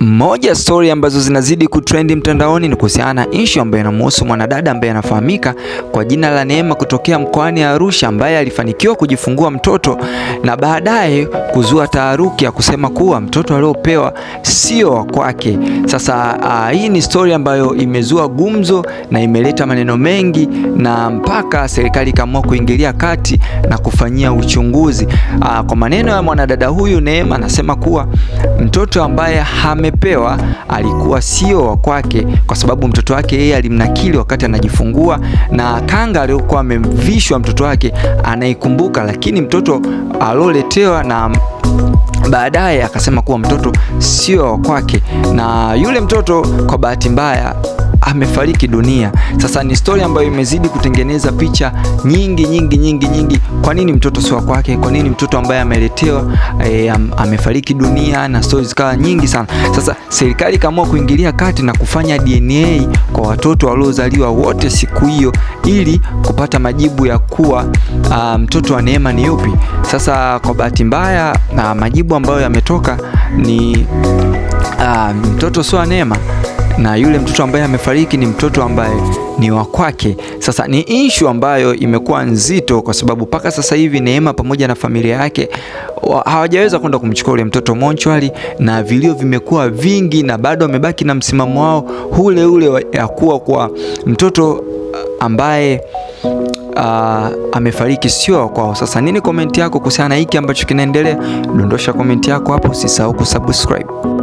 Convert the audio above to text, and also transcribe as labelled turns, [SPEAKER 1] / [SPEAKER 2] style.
[SPEAKER 1] Moja story ambazo zinazidi kutrendi mtandaoni ni kuhusiana na issue ambayo inamhusu mwanadada ambaye anafahamika kwa jina la Neema kutokea mkoani Arusha, ambaye alifanikiwa kujifungua mtoto na baadaye kuzua taharuki ya kusema kuwa mtoto aliopewa sio wa kwake. Sasa uh, hii ni story ambayo imezua gumzo na imeleta maneno mengi, na mpaka serikali ikaamua kuingilia kati na kufanyia uchunguzi. Uh, kwa maneno ya mwanadada huyu Neema anasema kuwa mtoto ambaye hame amepewa alikuwa sio wa kwake, kwa sababu mtoto wake yeye alimnakili wakati anajifungua, na kanga aliyokuwa amemvishwa mtoto wake anaikumbuka, lakini mtoto alioletewa na baadaye akasema kuwa mtoto sio wa kwake, na yule mtoto kwa bahati mbaya amefariki dunia. Sasa ni stori ambayo imezidi kutengeneza picha nyingi nyingi nyingi nyingi. Kwa nini mtoto si wa kwake? Kwa nini mtoto ambaye ameletewa e, am, amefariki dunia na stori zikawa nyingi sana. Sasa serikali ikaamua kuingilia kati na kufanya DNA kwa watoto waliozaliwa wote siku hiyo ili kupata majibu ya kuwa ah, mtoto wa Neema ni yupi. Sasa kwa bahati mbaya na ah, majibu ambayo yametoka ni ah, mtoto um, sio wa Neema na yule mtoto ambaye amefariki ni mtoto ambaye ni wa kwake. Sasa ni ishu ambayo imekuwa nzito, kwa sababu mpaka sasa hivi Neema pamoja na familia yake hawajaweza kwenda kumchukua yule mtoto monchwali, na vilio vimekuwa vingi, na bado wamebaki na msimamo wao ule ule ya kuwa kwa mtoto uh, ambaye Uh, amefariki sio kwao. Sasa nini komenti yako kuhusiana na hiki ambacho kinaendelea? Dondosha komenti yako hapo, usisahau kusubscribe.